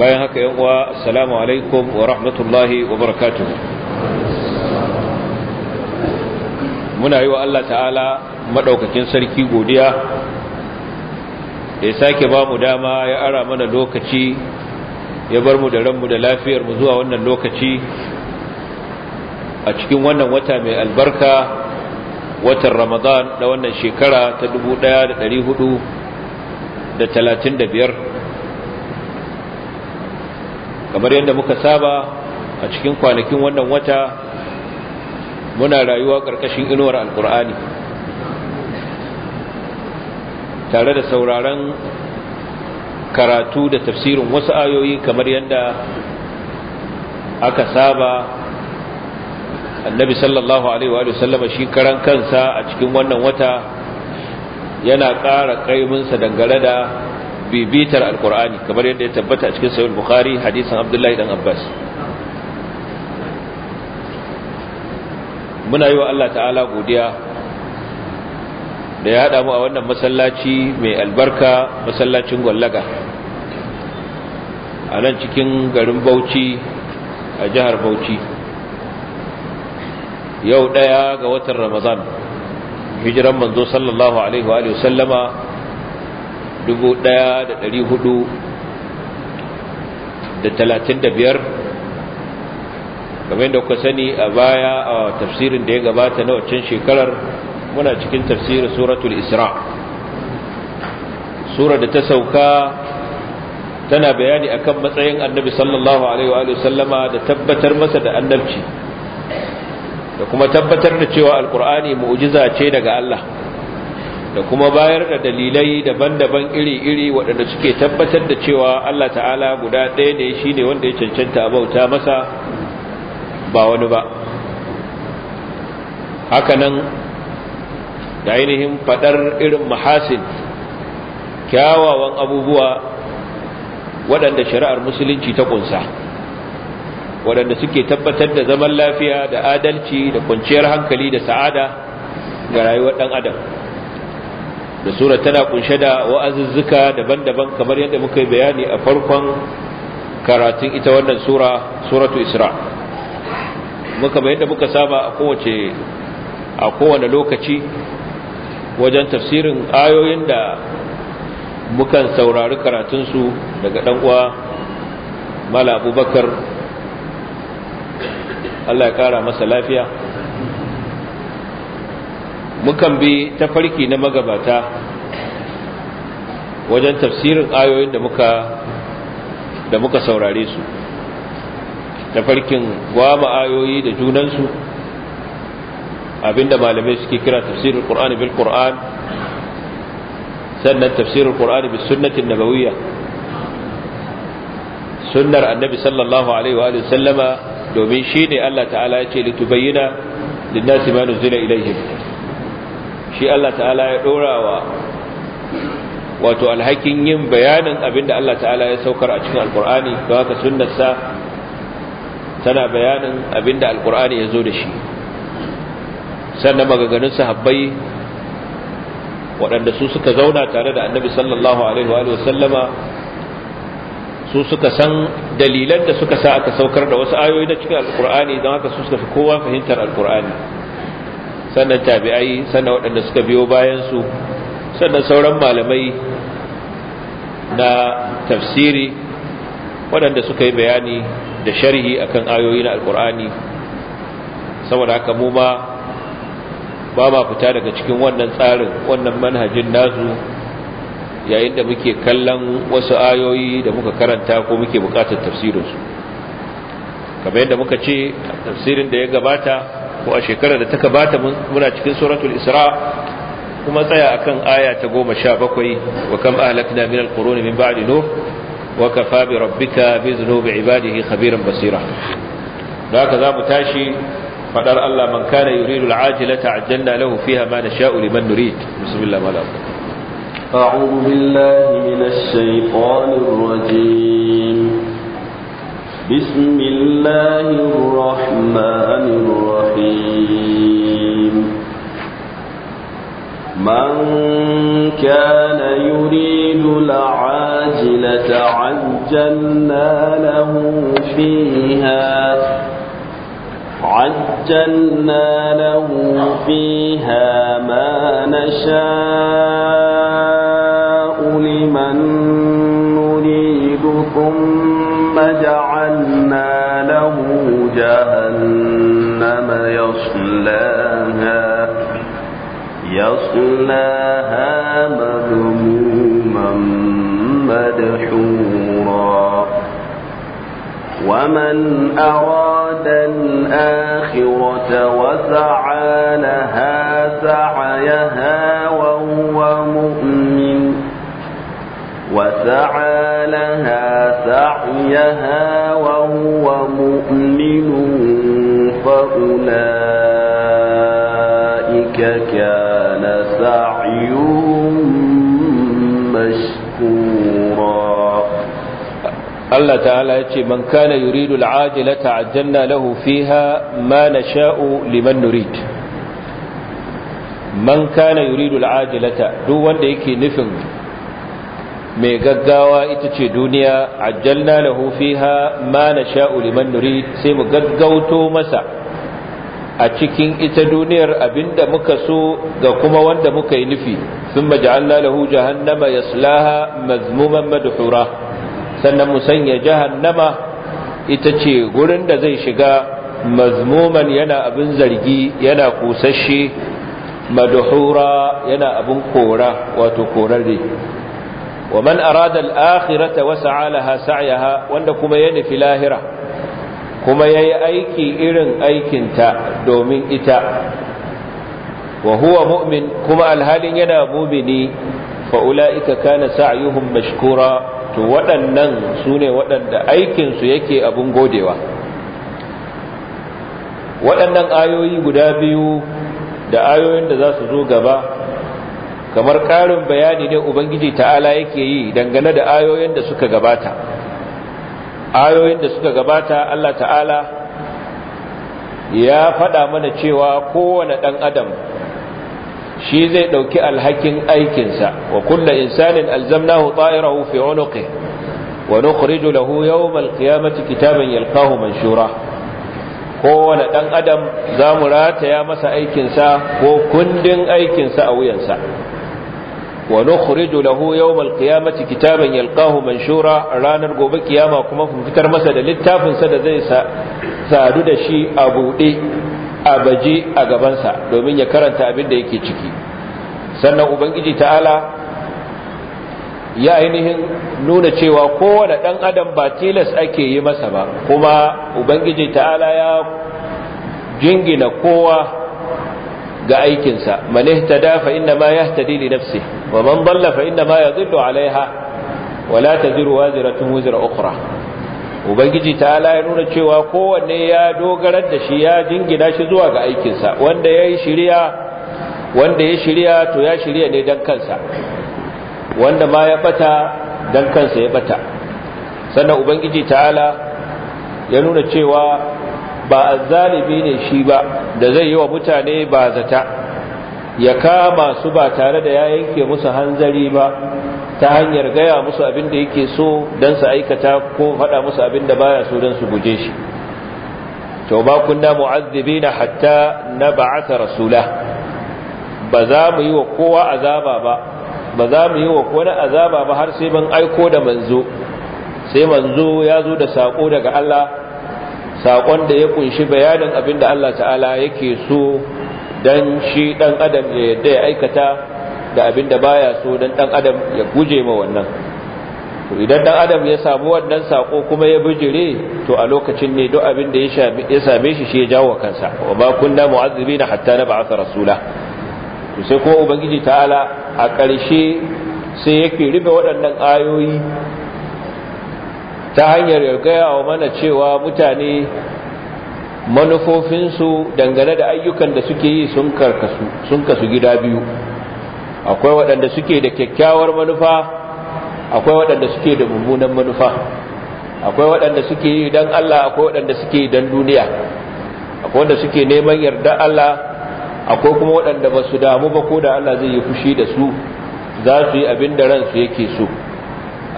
bayan haka yan uwa assalamu alaikum wa rahmatullahi wa barakatuh muna yi wa Allah ta'ala madaukakin sarki godiya da ya sake ba mu dama ya ara mana lokaci ya bar mu da ranmu da lafiyar mu zuwa wannan lokaci a cikin wannan wata mai albarka watan Ramadan da wannan shekara ta 1435 kamar yadda muka saba a cikin kwanakin wannan wata muna rayuwa ƙarƙashin inuwar alkur'ani tare da sauraron karatu da tafsirin wasu ayoyi kamar yadda aka saba annabi sallallahu alaihi wa sallama shi karan kansa a cikin wannan wata yana ƙara ƙaiminsa dangare da bibitar alkur'ani kamar yadda ya tabbata a cikin sahih bukhari hadisin abdullahi dan abbas muna yi wa Allah ta'ala godiya da ya haɗa mu a wannan masallaci mai albarka masallacin gwallaga a nan cikin garin bauchi a jihar bauchi yau ɗaya ga watan ramazan hijiran manzo sallallahu alaihi wa sallama biyar. game da kuka sani a baya a tafsirin da ya gabata na waccan shekarar muna cikin tafsirin suratul isra sura da ta sauka tana bayani akan matsayin annabi sallallahu alaihi wa sallama da tabbatar masa da annabci da kuma tabbatar da cewa alkur'ani mu'jiza ce daga Allah da kuma bayar da dalilai daban-daban iri-iri waɗanda suke tabbatar da cewa Allah ta'ala guda ɗaya ne shi ne wanda ya cancanta bauta masa ba wani ba hakanan da ainihin faɗar irin mahasin kyawawan abubuwa waɗanda shari'ar musulunci ta ƙunsa waɗanda suke tabbatar da zaman lafiya da adalci da kwanciyar hankali da sa'ada ga rayuwar ɗan adam da sura tana kunshe da wa'azuzzuka daban-daban kamar yadda muka yi bayani a farkon karatun ita wannan sura suratu isra muka bayyana muka saba a kowace a kowane lokaci wajen tafsirin ayoyin da mukan saurari karatunsu daga dan uwa mala abubakar Allah ya ƙara masa lafiya mukan bi tafarki na magabata wajen tafsirin ayoyin da muka saurare su tafarkin gwama ayoyi da junansu abinda malamai suke kira tafsirin qur'ani bil qur'an sannan tafsirin qur'ani bis sunnatin nabawiyya sunnar annabi sallallahu alaihi wa sallama domin ne Allah ta'ala ya ce litubayyana lin-nasi ma nuzila ilayhim shi Allah ta'ala ya ɗorawa wato alhakin yin bayanin abin da Allah ta'ala ya saukar a cikin alkur'ani da haka sunnarsa tana bayanin abin da alkur'ani ya zo da shi sannan magaganin sahabbai waɗanda su suka zauna tare da annabi sallallahu alaihi wa sallama su suka san dalilan da suka sa aka saukar da wasu ayoyi na cikin alkur'ani don haka su suka fi kowa fahimtar alkur'ani sannan tabi'ai sannan waɗanda suka biyo bayansu sannan sauran malamai na tafsiri waɗanda suka yi bayani da sharhi akan ayoyi na alkur'ani saboda haka mu ma ba ma fita daga cikin wannan tsarin wannan manhajin nasu yayin da muke kallon wasu ayoyi da muka karanta ko muke bukatar tafsirinsu kamar yadda muka ce tafsirin da ya gabata ko a shekarar da ta gabata muna cikin suratul isra kuma tsaya akan aya ta 17 wa kam ahlakna min alqurun min ba'di nuh wa kafa bi rabbika bi dhunubi ibadihi khabiran basira da haka zamu tashi fadar Allah man kana yuridu al'ajilata ajjalna lahu fiha ma nasha'u liman nurid bismillah malam a'udhu billahi minash الشيطان rajim بسم الله الرحمن الرحيم من كان يريد العاجلة عجلنا له فيها عجلنا له فيها ما نشاء لمن نريد ثم جعلنا جهنم يصلاها يصلاها مذموما مدحورا ومن أراد الآخرة وسعى لها سعيها وهو مؤمن وسعى لها سعيها هو مؤمن فأولئك كان سعيهم مشكورا الله تعالى يقول من كان يريد العاجلة عجلنا له فيها ما نشاء لمن نريد man kana yuridu al'ajilata duk wanda yake nufin mai gaggawa ita ce duniya ajjalna lahu fiha ma nasha'u liman nurid sai mu gaggauto masa a cikin ita duniyar abinda muka so ga kuma wanda muka yi nufi thumma ja'alna lahu jahannama yaslaha mazmuman madhura sannan mu sanya jahannama ita ce gurin da zai shiga mazmuman yana abin zargi yana kusashe madhura yana abin kora wato korarre wa man arada al-akhirata wa sa'a sa'yaha wanda kuma ya nufi lahira kuma yayi aiki irin aikin ta domin ita wa mu'min kuma alhalin yana mu'mini fa ulaika kana sa'yuhum mashkura to waɗannan su ne waɗanda aikinsu yake abun godewa waɗannan ayoyi guda biyu da ayoyin da za su zo gaba kamar ƙarin bayani ne ubangiji ta'ala yake yi dangane da ayoyin da suka gabata ayoyin da suka gabata Allah ta'ala ya faɗa mana cewa kowane ɗan adam shi zai ɗauki alhakin aikinsa wa kulla insanin alzamnahu ta'irahu fi unuqi wa nukhriju lahu yawmal qiyamati kitaban yalqahu manshura kowane ɗan adam za mu rataya masa aikinsa ko kundin aikinsa a wuyansa wa nukhriju lahu yawmal qiyamati kitaban yalqahu manshura ranar gobe kiyama kuma mu fitar masa da littafin sa da zai sadu da shi a bude a baje a gaban sa domin ya karanta abin da yake ciki sannan ubangiji ta'ala ya ainihin nuna cewa kowane dan adam ba tilas ake yi masa ba kuma ubangiji ta'ala ya jingina kowa ga aikinsa manihtada fa inna ma yahtadi li nafsi wa man dalla fa inna ma yadhillu alaiha wa la taziru waziratun wizra ukhra ubangiji ta'ala ya nuna cewa kowanne ya dogarar da shi ya jingina shi zuwa ga aikinsa wanda ya shirya wanda ya shirya to ya shirya ne dan kansa wanda ma ya bata dan kansa ya bata sannan ubangiji ta'ala ya nuna cewa ba azzalimi ne shi ba da zai yi wa mutane ba zata ya kama su ba tare da ya yanke musu hanzari ba ta hanyar gaya musu abin da yake so don su aikata ko faɗa musu abin da baya so don su guje shi to ba kunna na hatta nab'atha rasula ba za mu yi wa kowa azaba ba ba za mu yi wa kowa azaba ba har sai mun aiko da manzo sai manzo ya zo da sako daga Allah saƙon da ya kunshi bayanin abin da Allah ta'ala yake so dan shi ɗan adam ya yadda ya aikata da abin da baya so dan ɗan adam ya guje ma wannan idan ɗan adam ya samu wannan saƙo kuma ya bijire to a lokacin ne duk abin da ya same shi shi ya jawo kansa wa ma kunna na hatta ba'asa rasula to sai kuma ubangiji ta'ala a ƙarshe sai yake rufe waɗannan ayoyi ta hanyar ya gaya wa mana cewa mutane manufofinsu dangane da ayyukan da suke yi sun kasu gida biyu akwai waɗanda suke da kyakkyawar manufa akwai waɗanda suke da mummunan manufa akwai waɗanda suke yi don Allah akwai waɗanda suke yi don duniya akwai waɗanda suke neman yarda Allah akwai kuma waɗanda ba su damu ba ko da Allah zai yi fushi da su za su yi abin da ransu yake so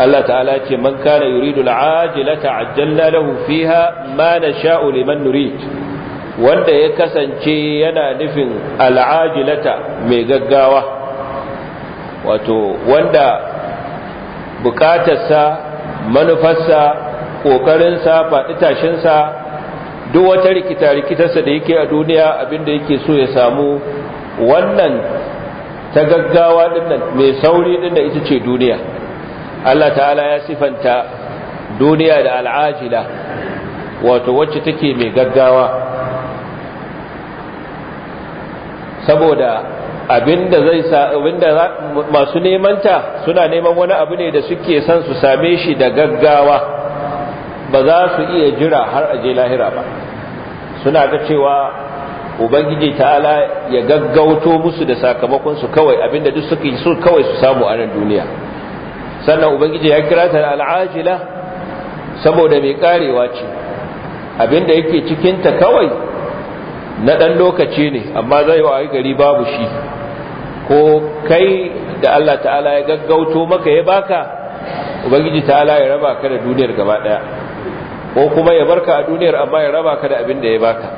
Allah ta'ala ce man kana yuridu al'ajilata ajjalna lahu fiha ma nasha'u liman nurid wanda ya kasance yana nufin al'ajilata mai gaggawa wato wanda bukatarsa manufarsa kokarinsa faɗitashinsa, duk wata rikita-rikitarsa da yake a duniya abinda yake so ya samu wannan ta gaggawa dinnan mai sauri dinnan ita ce duniya Allah ta'ala ya sifanta duniya da al'ajila wato wacce take mai gaggawa saboda abinda zai sa abinda masu nemanta suna neman wani abu ne da suke son su same shi da gaggawa ba za su iya jira har aje lahira ba suna ga cewa ubangiji ta'ala ya gaggauto musu da sakamakon su kawai abinda duk suke so kawai su samu a nan duniya sannan ubangiji ya kira ta al'ajila saboda mai karewa ce abinda yake cikinta kawai na ɗan lokaci ne amma zai wa gari babu shi ko kai da Allah ta'ala ya gaggauto maka ya baka ubangiji ta'ala ya raba ka da duniyar gaba ɗaya ko kuma ya barka a duniyar amma ya raba ka da abinda ya baka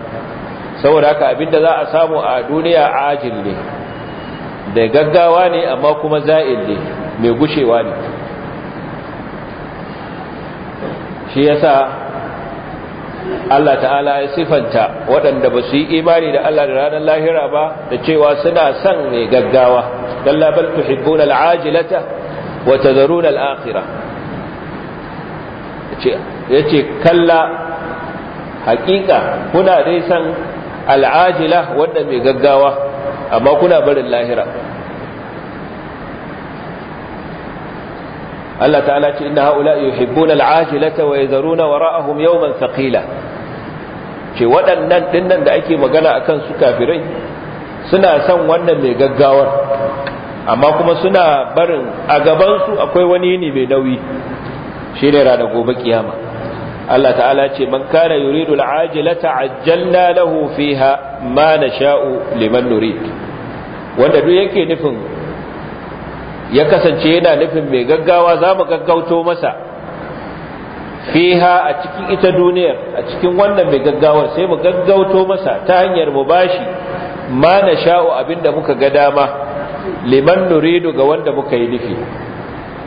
saboda haka abinda za a samu a duniya ajil ne da gaggawa ne amma kuma za'il ne mai gushewa ne shi yasa Allah ta'ala ya sifanta waɗanda ba su yi imani da Allah da ranar lahira ba da cewa suna son ne gaggawa dalla bal tuhibbuna al'ajilata wa tadharuna Ya yace kalla hakika kuna dai son al'ajila wanda mai gaggawa amma kuna barin lahira Allah ta'ala ce inna haula yuhibbuna al'ajilata wa yadharuna wara'ahum yawman thaqila ce waɗannan dinnan da ake magana akan su kafirai suna son wannan mai gaggawar amma kuma suna barin a gaban su akwai wani ne mai nauyi shine ranar gobe kiyama Allah ta'ala ce man kana yuridu al'ajilata ajjalna lahu fiha ma nasha'u liman nurid wanda duk yake nufin ya kasance yana nufin mai gaggawa za mu gaggauto masa fiha a cikin ita duniyar a cikin wannan mai gaggawar sai mu gaggauto masa ta hanyar mu bashi ma na sha'o abinda muka ga dama liman nuridu ga wanda muka yi nufi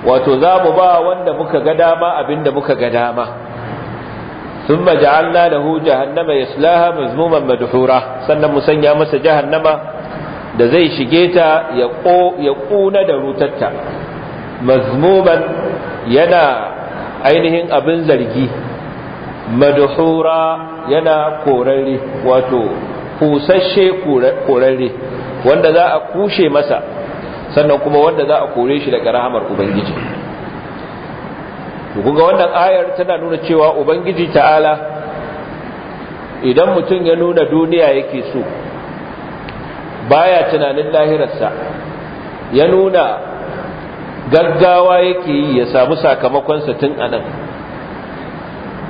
wato za mu ba wanda muka ga dama abinda muka ga dama sun maja'alna da hu jahannama ya sulaha mazmuman madhura sannan mu sanya masa jahannama da zai shige ta ya ƙuna da rutatta mazmuman yana ainihin abin zargi madhura yana korarre wato kusashe korarre wanda za a kushe masa sannan kuma wanda za a kore shi daga rahamar ubangiji ga wannan ayar tana nuna cewa ubangiji ta'ala idan mutum ya nuna duniya yake so baya tunanin lahirarsa ya nuna gaggawa yake yi ya samu sakamakonsa tun anan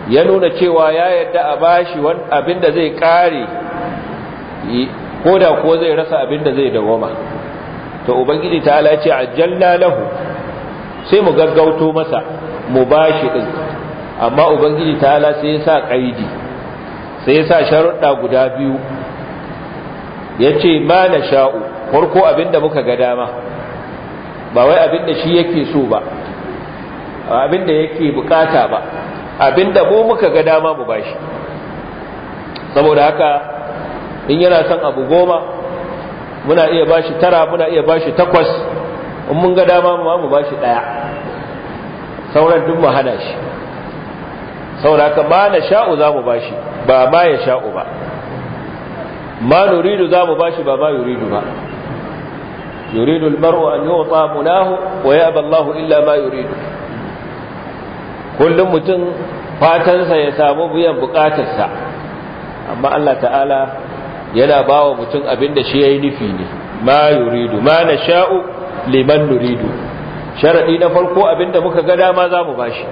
ya nuna cewa ya yadda a bashi abin da zai kare ko da ko zai rasa abin da zai dawoma to ubangiji ta ala ce ajalla lahu sai mu gaggauto masa mu bashi din amma ubangiji ta ala sai ya sa kaidi sai ya sa sharuɗa guda biyu Ya ce ma na sha'u farko abinda muka ga dama ba wai abinda shi yake so ba abinda yake bukata ba abinda mu muka ga dama mu bashi saboda haka in yana son abu goma muna iya bashi tara muna iya bashi takwas in mun ga dama mu mu bashi daya sauran duk mu hana shi saboda haka ma na sha'u za mu bashi ba ma ya sha'u ba ma nuridu za mu bashi ba ma yuridu ba yuridu almar'u an yuta munahu wa yaba Allahu illa ma yuridu kullum mutum fatansa ya samu biyan bukatarsa amma Allah ta'ala yana bawa mutum abinda shi yayi nufi ne ma yuridu ma nasha'u liman nuridu sharadi na farko abinda muka ga dama za mu bashi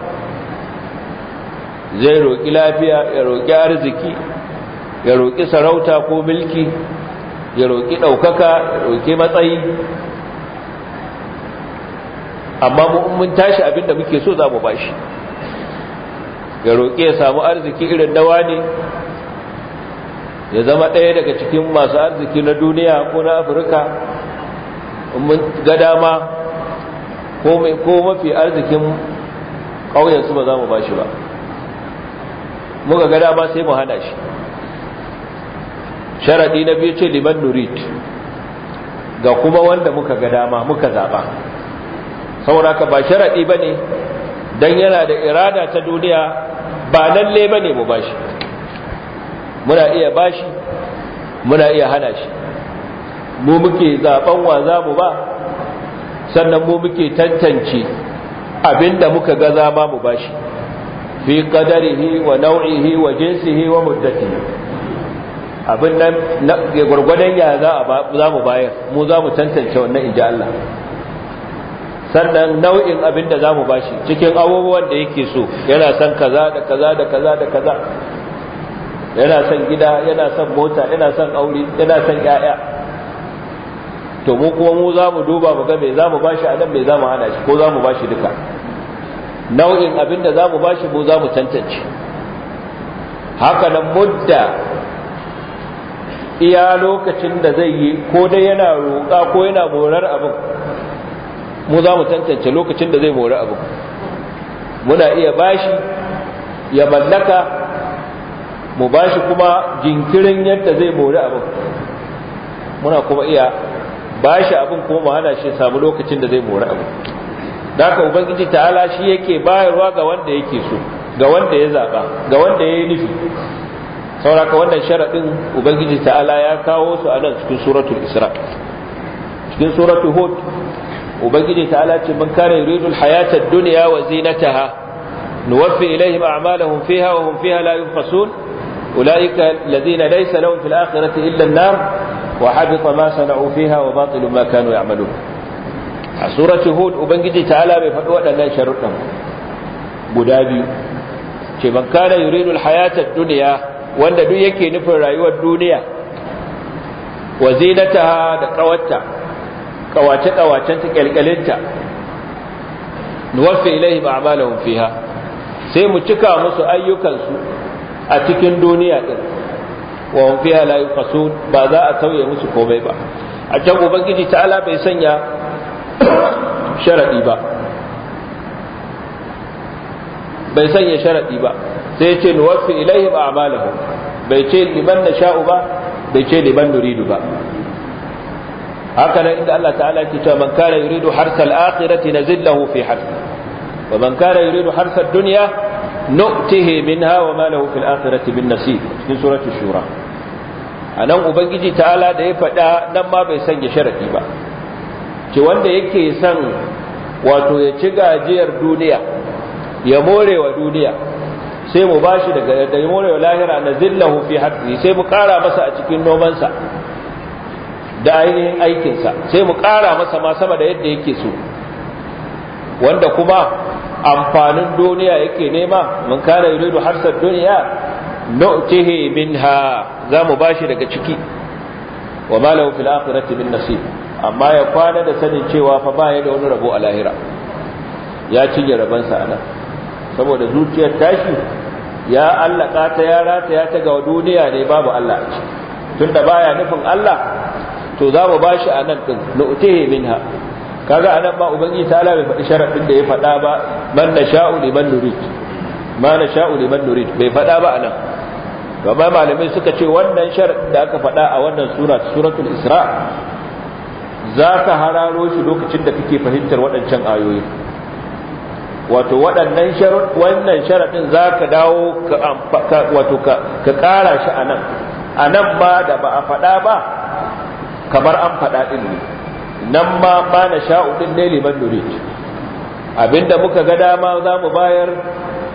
zai roƙi lafiya ya roƙi arziki ya roƙi sarauta ko milki ya roƙi ɗaukaka ya roƙi matsayi amma mun tashi abinda muke so za mu bashi ya roƙi ya samu arziki irin dawa ne ya zama ɗaya daga cikin masu arziki na duniya ko na afirka mun ga dama ko mafi arzikin ƙauyensu ba za mu bashi ba muka ga dama sai mu hana shi Sharaɗi na biyu ce liman nurid ga kuma wanda muka ga dama muka zaba saboda ka ba sharadi bane dan yana da irada ta duniya ba lalle bane mu bashi muna iya bashi muna iya hana shi mu muke zaben wa za mu ba sannan mu muke tantance abinda muka ga zama mu bashi fi qadarihi wa nau'ihi wa jinsihi wa muddatihi abin nan gwargwadon ya za mu bayar mu za mu tantance wannan inji Allah sannan nau'in abin da za mu bashi cikin abubuwan da yake so yana son kaza da kaza da kaza da kaza yana son gida yana son mota yana son aure yana son ya'ya to mu kuma mu za mu duba mu ga me za mu bashi a nan me za mu hana shi ko za mu bashi duka nau'in abin da za mu bashi mu za mu tantance haka nan mudda iya lokacin da zai yi ko dai yana roƙa ko yana morar abin mu za mu tantance lokacin da zai mori abin muna iya bashi ya mallaka mu bashi kuma jinkirin yadda zai mori abin muna kuma iya bashi abin kuma mu hana shi samu lokacin da zai mori abin Da daga ubangiji ta'ala shi yake bayarwa ga wanda yake so ga wanda ya zaba ga wanda ya yi nufi sauraka wannan sharaɗin ubangiji ta'ala ya kawo su a nan cikin suratul isra cikin suratul hud ubangiji ta'ala ce man kana yuridu alhayata ad-dunya wa zinataha nuwaffi ilayhim a'malahum fiha wa hum fiha la yunqasun ulaika alladhina laysa lahum fil akhirati illa an-nar wa habita ma sana'u fiha wa batilu ma kanu ya'malun a suratul hud ubangiji ta'ala bai faɗi waɗannan sharuɗan guda biyu ce man kana yuridu alhayata ad-dunya wanda duk yake nufin rayuwar duniya wa zinata da kawatta kawace kawacen ta kyalkyalinta nuwaffi ba a'malahum fiha sai mu cika musu ayyukansu a cikin duniya din wa hum fiha la ba za a tauye musu komai ba a can ubangiji ala bai sanya sharadi ba bai sanya sharadi ba sai ce ni nuwaffi ilaihim a'malahum bai ce liman Sha'u ba bai ce liman nuridu ba haka nan inda Allah ta'ala ke cewa man kana yuridu harsal akhirati nazillahu fi harsa wa man kana yuridu harsad dunya nu'tihi minha wa ma lahu fil akhirati min nasib cikin suratul shura anan ubangiji ta'ala da ya faɗa nan ma bai sanya sharafi ba ki wanda yake son wato ya ci gajiyar duniya ya more wa duniya sai mu bashi daga da ya lahira na zillahu fi hadzi sai mu kara masa a cikin nomansa da ainihin aikinsa sai mu kara masa ma sama da yadda yake so wanda kuma amfanin duniya yake nema mun kana yuridu harsar duniya nu'tihi minha za mu bashi daga ciki wa ma lahu fil akhirati min nasib amma ya kwana da sanin cewa fa ba ya da wani rabo a lahira ya cinye rabansa anan saboda zuciyar tashi ya allaka ta ya rataya ta ga duniya ne babu Allah tunda baya nufin Allah to za mu bashi a nan din nu'tihi minha kaga anan ba ubangiji ta bai faɗi sharadin da ya faɗa ba man nasha'u man nurid ma nasha'u man nurid bai faɗa ba anan Kamar malamai suka ce wannan sharadin da aka faɗa a wannan sura suratul isra za ka hararo shi lokacin da kake fahimtar waɗancan ayoyi wato waɗannan wannan sharaɗin za ka dawo wato ka ƙara shi a nan a nan ma da ba a faɗa ba kamar an faɗa ɗin ne nan ma ba na sha'uɗin ne liman nurid abinda muka ga dama za mu bayar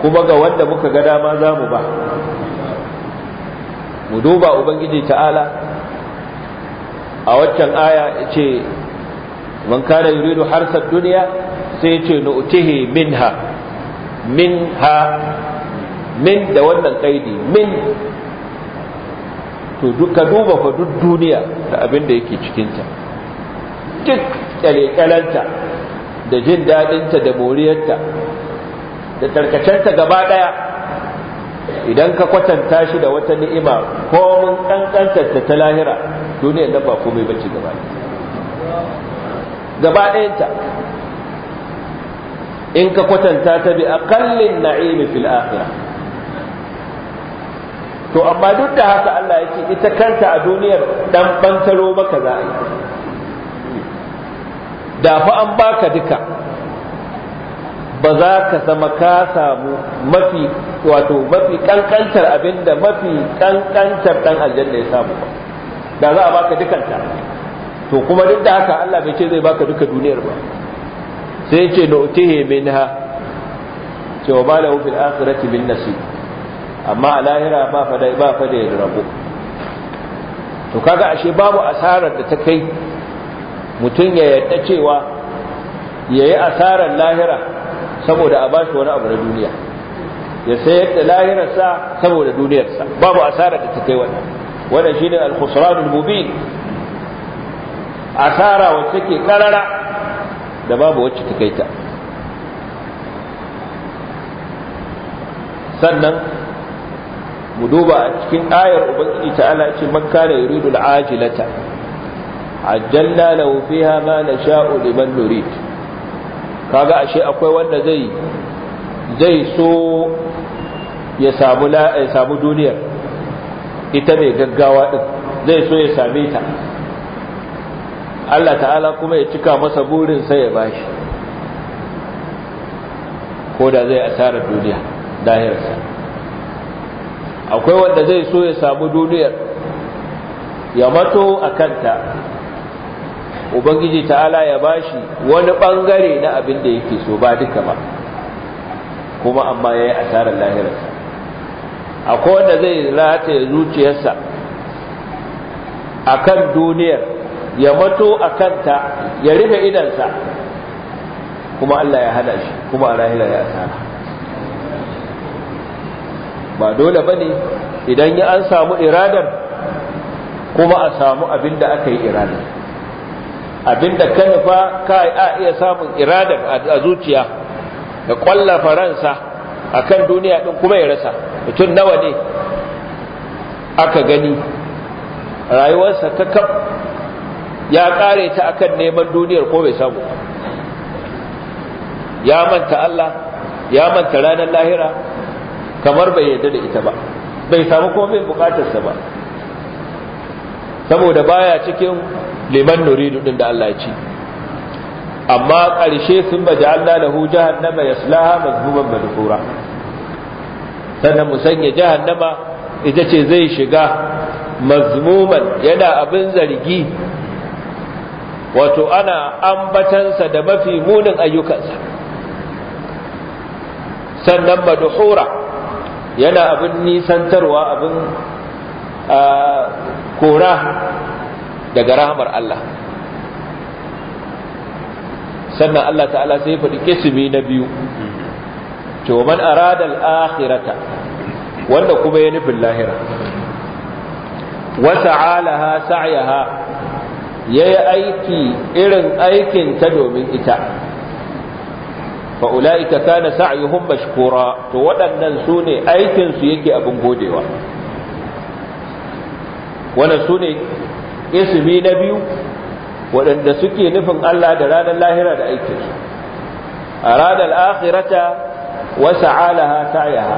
kuma ga wanda muka ga dama za mu ba mu duba ubangiji ta'ala a waccan aya ce man kana yuridu harsar duniya sai ce nu'tihi minha minha min da wannan kaidi min to duka duba fa duk duniya da abin da yake cikinta duk kyalekyalanta da jin daɗinta da moriyarta da tarkacenta gaba ɗaya idan ka kwatanta shi da wata ni'ima komin ƙanƙantarta ta ta lahira duniya nan ba komai bace gaba gaba ɗayanta in ka kwatanta ta bi aqallin na'imi fil akhirah to amma duk da haka Allah ya ce ita kanta a duniyar dan bantaro maka za a yi da fa an baka duka ba za ka zama ka samu mafi wato mafi kankantar abinda mafi kankantar dan aljanna ya samu ba da za a baka dukanta to kuma duk da haka Allah bai ce zai baka duka duniyar ba sai ce min ha ce wa balahu wufin akirati bin nasi amma a lahira ba fa da ba fada ya rabu to kaga ashe babu asarar da ta kai mutum ya yadda cewa ya yi asarar lahira saboda a bashi wani abu na duniya ya sayar da lahirarsa saboda duniyarsa babu asarar da ta kai wannan wannan shine al-khusranul mubin asara wacce ke karara da babu wacce ta kai ta sannan mu duba a cikin ayar ubangiji ta'ala ce man kana yuridu al-ajilata ajjalna lahu fiha ma nasha'u liman nurid kaga ashe akwai wanda zai zai so ya samu la ya samu duniyar ita mai gaggawa din zai so ya same ta Allah ta'ala kuma ya cika masa burin sai ya bashi ko da zai asarar duniya dahirarsa akwai wanda zai so ya samu duniyar ya mato a kanta ubangiji ta'ala ya bashi wani bangare na abin da yake so ba duka ba kuma amma ya yi asarar lahirarsa akwai wanda zai ya zuciyarsa a kan duniyar ya mato a kanta ya rufe idansa kuma Allah ya hada shi kuma rahila ya asara ba dole bane idan ya an samu iradar kuma a samu abin da aka yi iradar abin da ka nufa ka a iya samun iradar a zuciya da kwalla faransa a kan duniya ɗin kuma ya rasa mutum nawa ne aka gani rayuwarsa ta kaf ya ƙare ta akan neman duniyar ko bai samu ya manta Allah ya manta ranar lahira kamar bai yarda da ita ba bai samu komai bukatarsa ba saboda baya cikin liman nuri din da Allah ya ci amma ƙarshe sun baje Allah da lahu jahannama yaslaha mazmuman madhura sannan mu sanya jahannama ita ce zai shiga mazmuman yana abin zargi wato ana ambatansa da mafi munin ayyukansa sannan maduhura yana abin nisantarwa abin kora daga rahamar Allah sannan Allah ta'ala sai faɗi kisimi na biyu to man arada akhirata wanda kuma ya nufin lahira wa ta'alaha sa'yaha ya yi aiki irin aikin ta domin ita fa'ula'ika kana sa'ayuhun mashkura to waɗannan su ne aikinsu yake abin godewa wannan su ne ismi na biyu waɗanda suke nufin Allah da ranar lahira da aikinsu a ranar akhirata wasa ta sa'yaha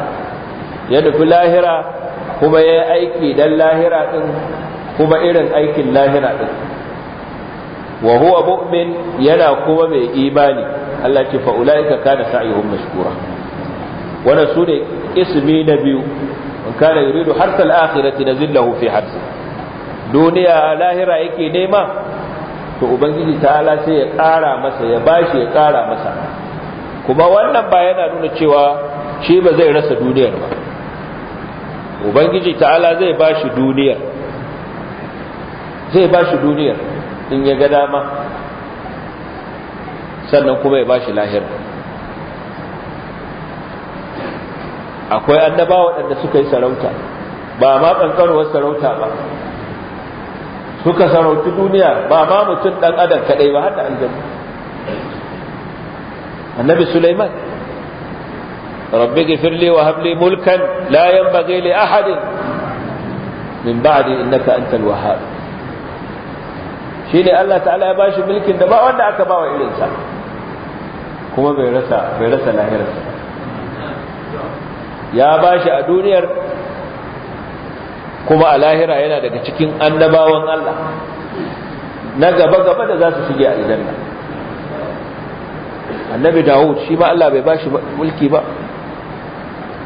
ya nufi lahira kuma ya yi aiki don lahira ɗin kuma irin aikin lahira ɗin wa huwa mu'min yana kuma mai imani Allah ce fa ulaika kana sa'yuhum mashkura wannan sune ismi na biyu in kana yuridu harsal akhirati nazillahu fi harsi duniya lahira yake nema to ubangiji ta'ala sai ya ƙara masa ya bashi ya ƙara masa kuma wannan ba yana nuna cewa shi ba zai rasa duniyar ba ubangiji ta'ala zai bashi duniyar zai bashi duniyar in ya ga dama sannan kuma ya bashi lahira akwai annabawa waɗanda suka yi sarauta ba ma ƙanƙarwar sarauta ba suka sarauci duniya ba ma mutum ɗan adam kaɗai ba har da aljanu annabi sulaiman rabbi gifirli wa habli mulkan la yanbaghi li ahadin min ba'di innaka antal wahhab ne Allah ta'ala ya bashi mulkin da ba wanda aka bawa irinsa kuma bai rasa bai rasa lahirarsa ya bashi a duniyar kuma a lahira yana daga cikin annabawan Allah na gaba-gaba da za su shige a aljanna annabi dawud shi ma Allah bai bashi mulki ba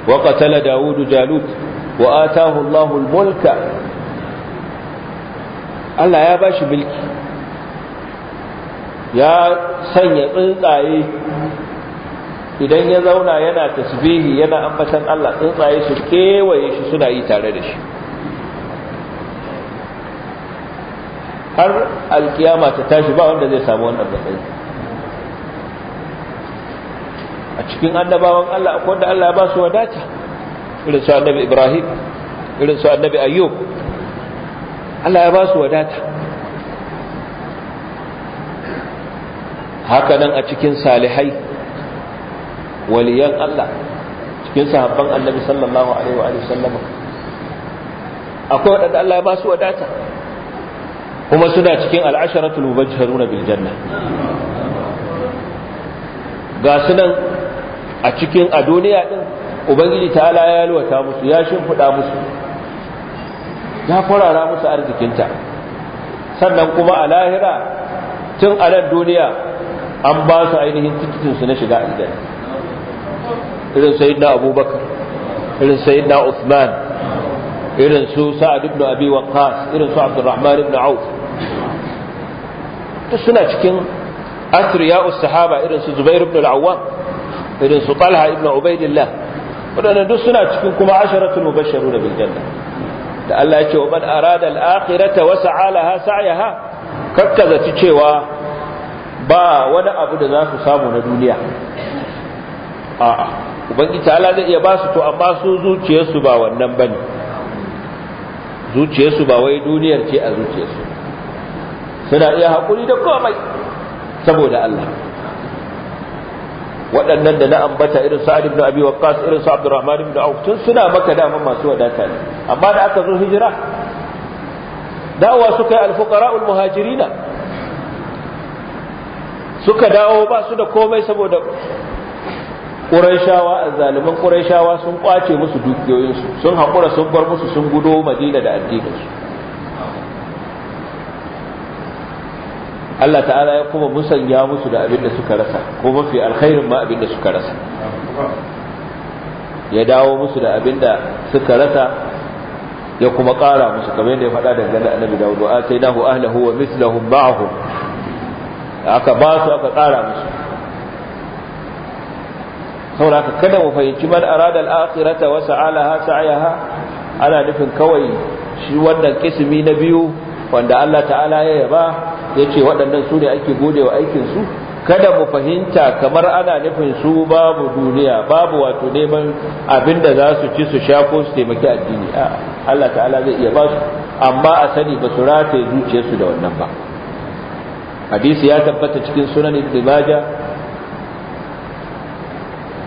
wa qatala dawud jalut wa atahu Allahu mulka Allah ya bashi mulki ya sanya tsuntsaye idan ya zauna yana tasbihi yana ambatan Allah tsuntsaye su kewaye shi suna yi tare da shi har alkiyama ta tashi ba wanda zai samu wannan matsayi a cikin annabawan Allah akwai wanda Allah ya ba su wadata irin su annabi Ibrahim irin su annabi Ayyub Allah ya ba su wadata haka nan a cikin salihai waliyan Allah cikin sahabban annabi sallallahu alaihi wa sallama akwai waɗanda Allah ya ba su wadata kuma suna cikin al'asharatul mubajjaruna bil janna ga su nan a cikin a duniya din ubangiji ta'ala ya luwata musu ya shimfiɗa musu ya farara musu arzikinta sannan kuma a lahira tun a nan duniya an ba su ainihin tikitinsu na shiga aljanna irin sayyidina abubakar irin sayyidina uthman irin su sa'ad ibn abi waqqas irin su abdurrahman ibn auf duk suna cikin asriya'us sahaba irin su zubair ibn al-awwam irin su talha ibn ubaidillah wadannan duk suna cikin kuma asharatul mubashshirun bil janna da Allah ya ce wa man arada al-akhirata wa sa'a laha sa'yaha kakkaza cewa ba wani abu da za su samu na duniya a'a ubangiji Allah zai iya ba su to amma su zuciyarsu ba wannan bane zuciyarsu ba wai duniyar ce a zuciyarsu suna iya haƙuri da komai saboda Allah waɗannan da na ambata irin sa'ad ibn abi waqqas irin sa abdurrahman ibn auf tun suna maka dama masu wadata ne amma da aka zo hijira dawa suka yi alfuqara almuhajirina suka dawo ba su da komai saboda ƙuraishawa a zaliman ƙuraishawa sun ƙwace musu dukiyoyinsu sun haƙura sun bar musu sun gudo madina da addininsu Allah ta'ala ya kuma musanya musu da abin da suka rasa ko mafi alkhairin ma abin da suka rasa ya dawo musu da abin da suka rasa ya kuma ƙara musu kamar yadda ya faɗa dangane da annabi dawudu nahu ahlahu wa mislahum ma'ahum aka ba su aka tsara musu saboda haka kada mu fahimci man arada al-akhirata wa sa'alaha sa'yaha ana nufin kawai shi wannan kismi na biyu wanda Allah ta'ala ya yaba yace waɗannan su ne ake godewa aikin su kada mu fahimta kamar ana nufin su babu duniya babu wato neman abin da za su ci su sha ko su taimaki addini Allah ta'ala zai iya ba su amma a sani ba su rataye zuciyarsu da wannan ba hadisi ya tabbata cikin sunan ibn majah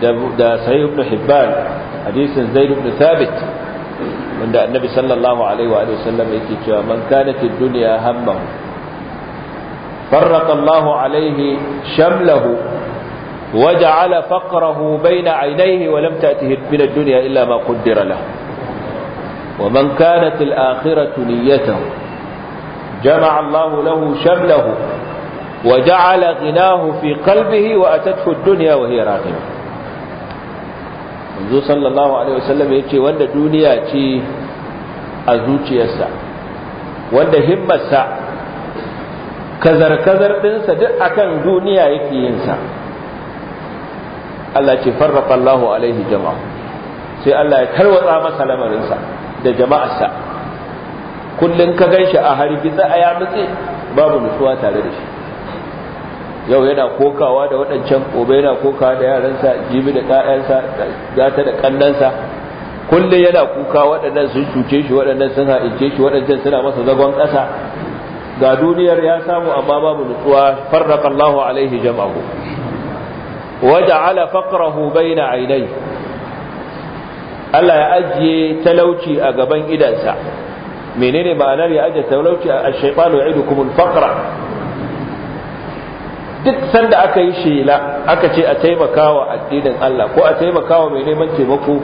da da sahih ibn hibban hadisin zaid ibn thabit wanda annabi sallallahu alaihi wa alihi sallam yake cewa man kana fi dunya hamma farraqa Allah alaihi shamlahu waja'ala faqrahu bayna aynayhi wa lam ta'tihi min ad-dunya illa ma quddira lahu wa man kanat al-akhiratu niyyatuhu jama'a Allah lahu shamlahu وجعل غناه في قلبه وأتته الدنيا وهي راغمة منذ صلى الله عليه وسلم يتي وأن الدنيا تي أزوتي يسا وأن همسا كذر كذر دنسا دعكا دنيا يكي ينسا التي فرق الله عليه جمعه sai Allah ya tarwatsa masa lamarinsa da jama'arsa kullum ka gan shi a hargitsa a yamutse babu nutsuwa tare da shi yau yana kokawa da waɗancan gobe yana kokawa da yaransa jibi da za ta da ƙannansa kullum yana kuka waɗannan sun cuce shi waɗannan sun ha'ince shi waɗancan suna masa zagon ƙasa ga duniyar ya samu amma babu nutsuwa farraka Allahu alaihi jama'u waja'ala faqrahu baina aynai Allah ya ajiye talauci a gaban idansa menene ma'anar ya ajiye talauci a shaytanu ya'idukumul faqra duk sanda aka yi shela aka ce a taimakawa addinin Allah ko a taimakawa mai neman taimako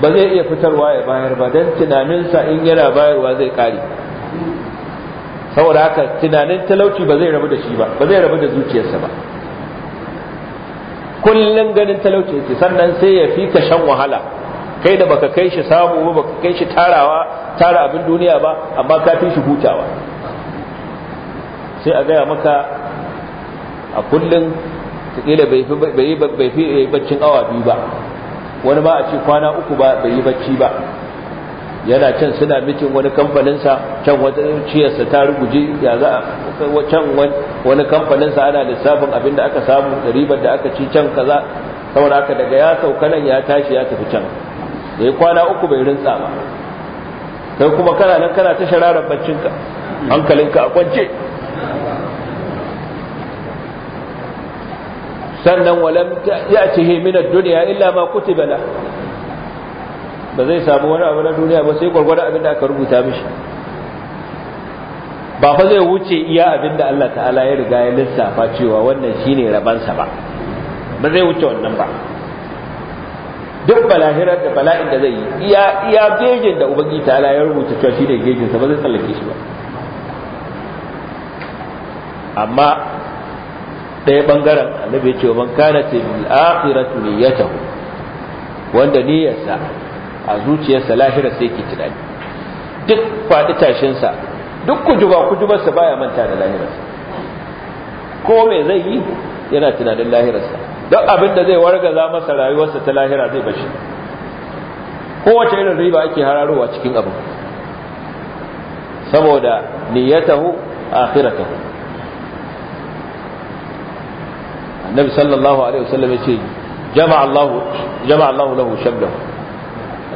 ba zai iya fitarwa ya bayar ba don tunaninsa in yana bayarwa zai kare saboda haka tunanin talauci ba zai rabu da shi ba ba zai rabu da zuciyarsa ba kullum ganin talauci yake sannan sai ya fi shan wahala kai da baka kai shi samu ba baka kai shi tarawa tara abin duniya ba amma ka fi shi hutawa sai a gaya maka a kullum kila bai fi eh, baccin awa biyu ba wani ma a ce kwana uku ba bai yi bacci ba yana can suna mitin wani kamfaninsa can wata ciyarsa ta ruguje ya za a can wani kamfaninsa ana lissafin abin da aka samu da ribar da aka ci can kaza saboda aka daga ya sauka nan ya tashi ya tafi can da ya kwana uku bai rintsa ba kai kuma kana nan kana ta shararar baccinka hankalinka a kwance sannan walam ya'tihi min ad-dunya illa ma kutiba la ba zai samu wani abu na duniya ba sai gwargwadon abin da aka rubuta mishi ba fa zai wuce iya abin da Allah ta'ala ya riga ya lissafa cewa wannan shine rabansa ba ba zai wuce wannan ba duk balahirar da bala'in da zai yi iya iya gejin da ubangi ta'ala ya rubuta cewa shine gejin sa ba zai tsallake shi ba amma ɗaya bangaren annabi ce wa kana bil akhiratu niyyatuhu wanda niyyarsa a zuciyarsa lahira sai ke tunani duk faɗi tashinsa duk kujuba kujubarsa baya manta da lahirarsa ko me zai yi yana tunanin lahirarsa duk abin da zai wargaza masa rayuwarsa ta lahira zai bashi kowace irin riba ake hararowa cikin abin saboda niyyatahu akhiratahu annabi sallallahu alaihi wasallam ya ce jama'a Allah jama'a Allah lahu shabdahu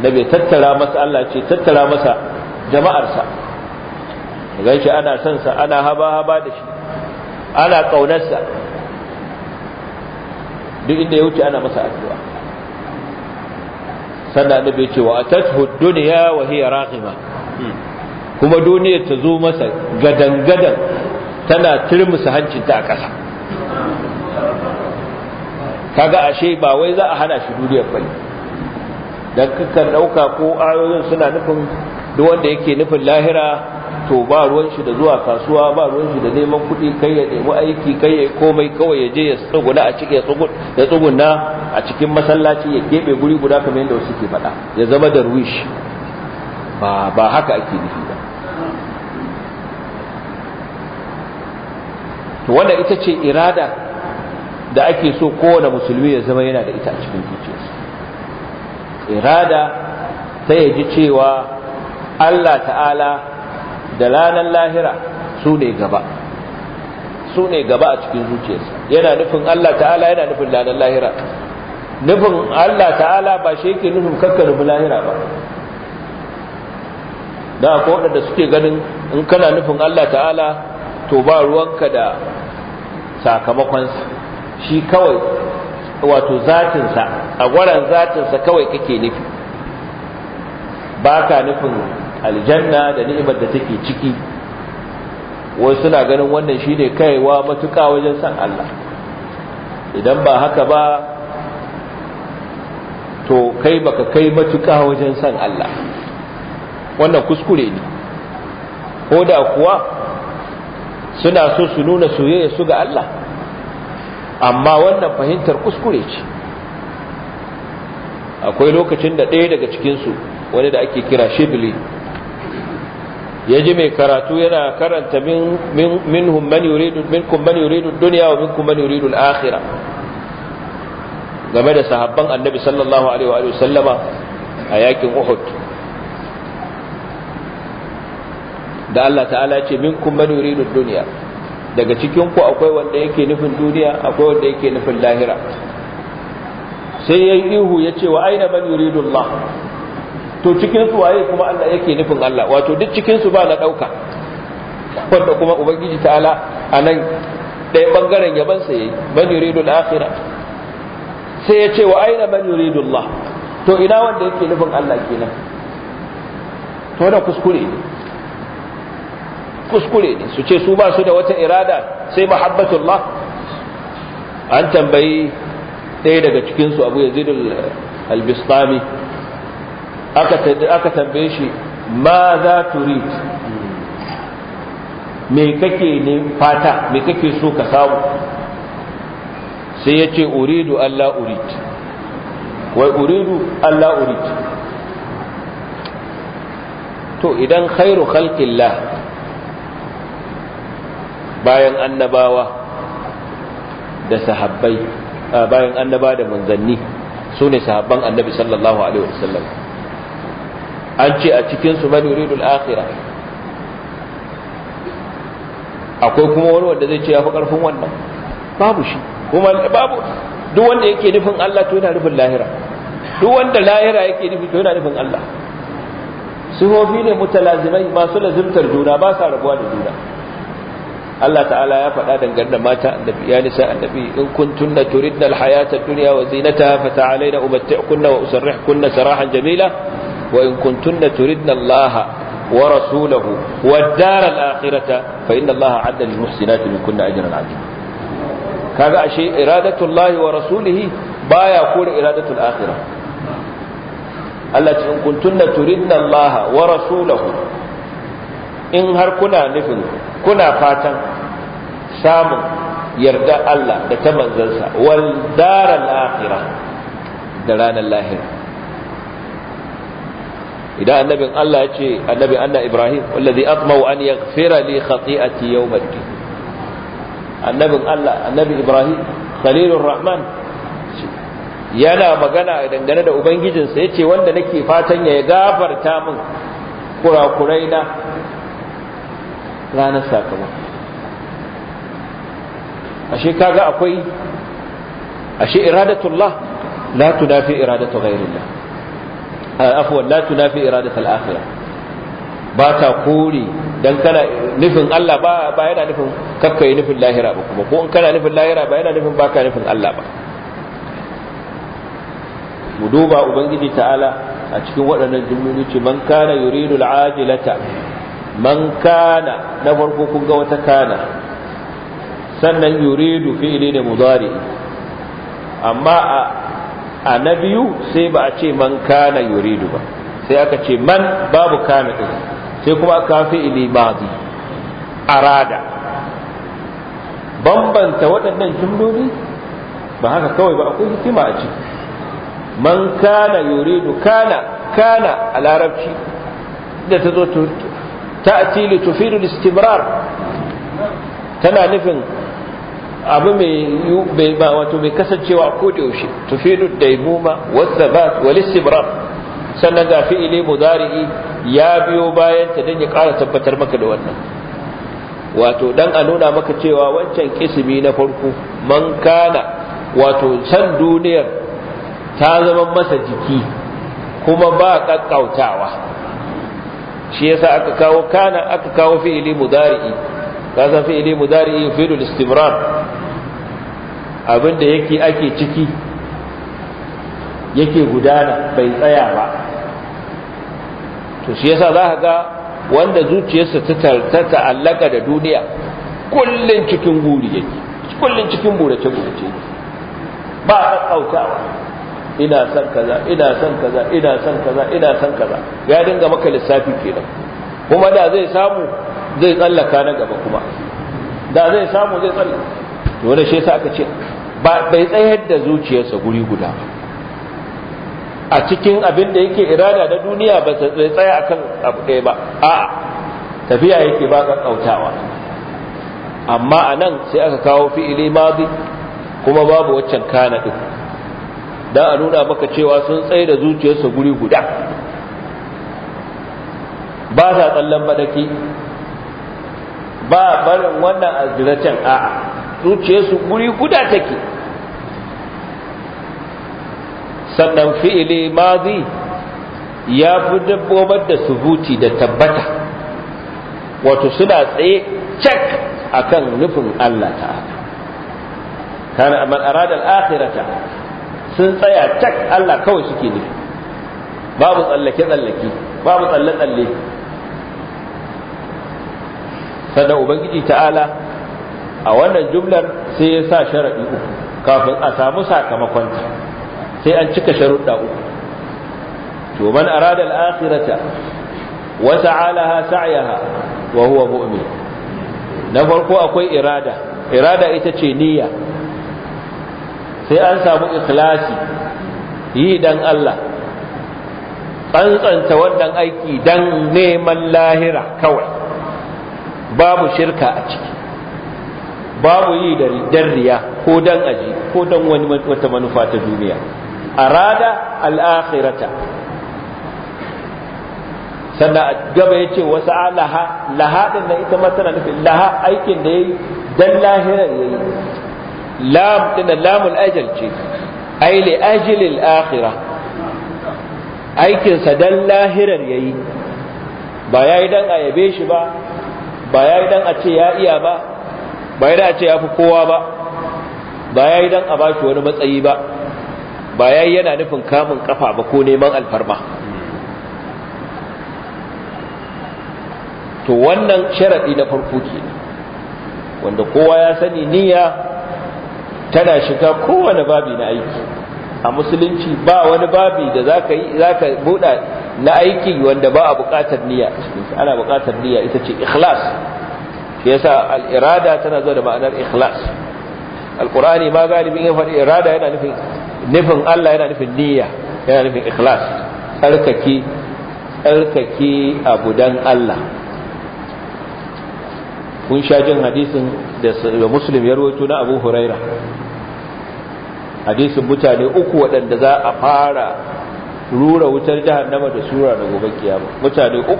annabi tattara masa Allah ce tattara masa jama'arsa ga shi ana son sa ana haba haba da shi ana kaunarsa duk inda ya wuce ana masa addu'a sannan kuma duniyar ta zo masa gadan gadan tana turmusa hancinta a ƙasa kaga ashe ba wai za a hana shi duniyar bane dan kakan dauka ko ayoyin suna nufin duk wanda yake nufin lahira to ba ruwan shi da zuwa kasuwa ba ruwan shi da neman kuɗi kai ya nemi aiki kai ya komai kawai ya je ya tsuguna a cikin ya tsuguna a cikin masallaci ya kebe guri guda kamar yadda wasu ke faɗa ya zama darwish ruwish ba ba haka ake nufi ba to wanda ita ce irada da ake so kowane musulmi ya zama yana da ita a cikin zuciyarsa irada ta yaji cewa Allah ta'ala da ranar lahira su ne gaba su ne gaba a cikin zuciyarsa yana nufin Allah ta'ala yana nufin ranar lahira nufin Allah ta'ala ba shi yake nufin kakka nufin lahira ba da akwai waɗanda suke ganin in kana nufin Allah ta'ala to ba ruwanka da sakamakonsa shi kawai wato zatinsa a gwaran zatinsa kawai kake nufi ba ka nufin aljanna da ni'imar da take ciki wai suna ganin wannan shi ne kaiwa matuƙa wajen san Allah idan ba haka ba to kai baka kai matuƙa wajen san Allah wannan kuskure ne ko da kuwa suna so su nuna soyayya su ga Allah amma wannan fahimtar kuskure ce akwai lokacin da ɗaya daga cikinsu wani da ake kira shibli ya ji mai karatu yana karanta min kumbani uridun duniya wa min kumbani uridun al game da sahabban annabi sallallahu alaihi wa sallama a yakin uhud da Allah ta'ala ce min kumbani uridun duniya daga cikin ku akwai wanda yake nufin duniya akwai wanda yake nufin lahira sai yayi ihu yace wa aina man yuridullah to cikin su waye kuma Allah yake nufin Allah wato duk cikin su ba na dauka wanda kuma ubangiji ta'ala anan ɗaya bangaren yaban sa yayi man yuridul akhirah sai ya ce wa aina man yuridullah to ina wanda yake nufin Allah kenan to da kuskure ne kuskure ne su ce su ba su da wata irada sai mahabbatullah an tambayi ɗaya daga cikinsu abu ya al-bistami aka tambaye shi ma za turid me kake ne fata me kake so ka samu sai ya ce uridu Allah urid wai uridu Allah urid to idan khairu khalqillah bayan annabawa da sahabbai bayan annaba da manzanni su ne sahabban annabi sallallahu alaihi wasallam an ce a cikinsu man al akhirah akwai kuma wani wanda zai ce ya fi karfin wannan babu shi kuma babu duk wanda yake nufin Allah to yana nufin lahira duk wanda lahira yake nufi to yana nufin Allah sihofi ne mutalazimai masu lazimtar juna ba sa rabuwa da juna Allah ta'ala ya faɗa dangane da mata annabi ya nisa annabi in kuntunna turidna alhayata ad-dunya wa zinataha fata'alayna umatti'kunna wa usarrihkunna sarahan jamila wa in kuntunna turidna Allah wa rasulahu wad-dara al-akhirata fa inna Allah 'adda lil-muhsinati minkunna ajran 'azima kaga ashe iradatullahi wa rasulihi baya kore iradatul akhirah Allah ce in kuntunna turidna Allah wa rasulahu in har kuna nufin kuna fatan samun yarda Allah da ta manzansa wal dara akhirah da ranar lahira idan annabin Allah ya ce annabi anna Ibrahim wallazi atmau an yaghfira li khati'ati yawm ad-din annabin Allah annabi Ibrahim khalilur rahman yana magana dangane da ubangijinsa yace wanda nake fatan ya gafarta min kurakurai na ranar sakamako ashe kaga akwai ashe iradatullah la tunafi iradatu ghairillah afwan la tunafi iradatu al-akhirah ba ta kore dan kana nufin Allah ba ba yana nufin kakka yi nufin lahira ba kuma ko in kana nufin lahira ba yana nufin baka nufin Allah ba mu duba ubangiji ta'ala a cikin waɗannan jumloli ce man kana yuridu al-ajilata man kana na farko kun ga wata kana sannan yuridu fi'li da mudari amma a na biyu sai ba a ce man kana yuridu ba sai aka ce man babu kana din sai kuma aka fi'li madi arada bambanta waɗannan jumloli ba haka kawai ba akwai hikima a ciki man kana yuridu kana kana a larabci da ta zo ta'ti li tufidu al tana nufin abu mai ba wato mai kasancewa ko da yaushe tufidu daimuma wadhabat wal istibrar sannan ga fi'ili mudari'i ya biyo bayan ta dan ya kara tabbatar maka da wannan wato dan a nuna maka cewa wancan kisimi na farko man kana wato san duniyar ta zama masa jiki kuma ba kakkautawa shi yasa aka kawo kana aka kawo fi'ili mudari'i kaza fi'ili mudari'i yufidu al-istimrar abinda yake ake ciki yake gudana bai tsaya ba to shi yasa za ka ga wanda zuciyarsa ta ta'allaka da duniya kullun cikin guri yake kullun cikin burace burace ba a tsautawa ina son kaza ina son kaza ina son kaza ina son kaza ya dinga maka lissafi kenan kuma da zai samu zai tsallaka na gaba kuma da zai samu zai tsallaka to da shi yasa aka ce bai tsayar da zuciyarsa guri guda a cikin abin da yake irada na duniya ba bai tsaya akan abu ɗaya ba a'a tafiya yake ba kautawa amma anan sai aka kawo fi'ili madi kuma babu waccan kana din Da a nuna maka cewa sun tsaye da zuciyarsa guri guda ba ta tsallan badaki ba barin wannan azirajen a'a zuciyarsu guri guda take sannan fi'ili mazi ya fi dabbobar da subuti da tabbata wato suna tsaye cak akan nufin Allah ta'ala kana man arada al-akhirata sun tsaya tak Allah kawai suke ne babu tsallake tsallake babu tsalle tsalle sannan ubangiji ta'ala a wannan jumlar sai ya sa sharaɗi uku kafin a samu sakamakonta, sai an cika sharuɗa uku to man arada al-akhirata wa sa'alaha sa'yaha wa huwa mu'min na farko akwai irada irada ita ce niyya sai an samu ikhlasi yi dan Allah tsantsanta wannan aiki dan neman lahira kawai babu shirka a ciki babu yi da dan ko dan aji ko dan wani wata manufa ta duniya arada al-akhirata sannan gaba ya ce wasu laha laha din ita masana nufin laha aikin da ya yi don lahirar ya yi lam dinan lamul ajal ce ai li ajlil akhirah aikinsa dan lahirar yayi ba yayi dan a yabe shi ba ba yayi dan a ce ya iya ba ba yayi dan a ce ya fi kowa ba ba yayi dan a bashi wani matsayi ba ba yayi yana nufin kamun kafa ba ko neman alfarma to wannan sharadi na farko ke wanda kowa ya sani niyya tana shiga kowane babi na aiki a musulunci ba wani babi da za ka zaka buɗa na aiki wanda ba a buƙatar niyya ana buƙatar niyya ita ce ikhlas shi yasa al-irada tana zuwa da ma'anar ikhlas alqur'ani ma galibin ya faɗi irada yana nufin nufin Allah yana nufin niyya yana nufin ikhlas tsarkake tsarkake abu dan Allah kun sha jin hadisin da muslim ya rawaito na abu huraira hadisin mutane uku waɗanda za a fara rura wutar jahannama da sura da gobe kiyama mutane uku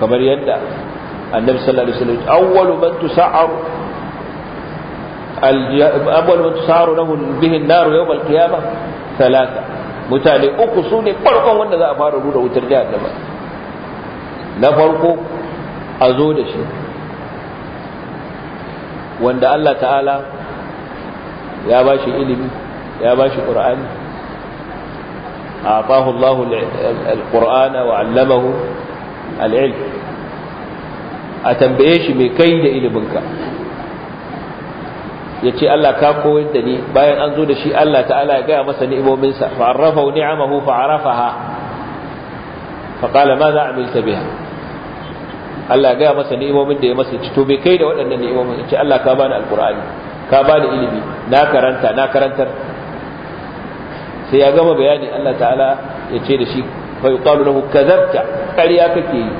kamar yadda annabi sallallahu alaihi wasallam awwalu man tusa'aru awwalu man tusa'aru lahu bihi an-nar yawm al-qiyamah thalatha mutane uku sune farkon wanda za a fara rura wutar jahannama na farko a zo da shi wanda Allah ta'ala ya ba shi ilimi ya ba shi ƙur'ani a fahullahu al wa allamahu al'il a tambaye shi mai kai da iliminka ya ce Allah ka koyar da ni bayan an zo da shi Allah ta'ala ya gaya masa ni'imominsa fa'arrafa ni'amahu fa'arafaha faƙala ma za a milta biya Allah gaya masa ni'imomin da ya masa ci to bai kai da waɗannan ni'imomin ce Allah ka bani alqur'ani ka bani ilimi na karanta na karantar sai ya gama bayani Allah ta'ala ya ce da shi fa yuqalu lahu kadhabta ƙarya kake yi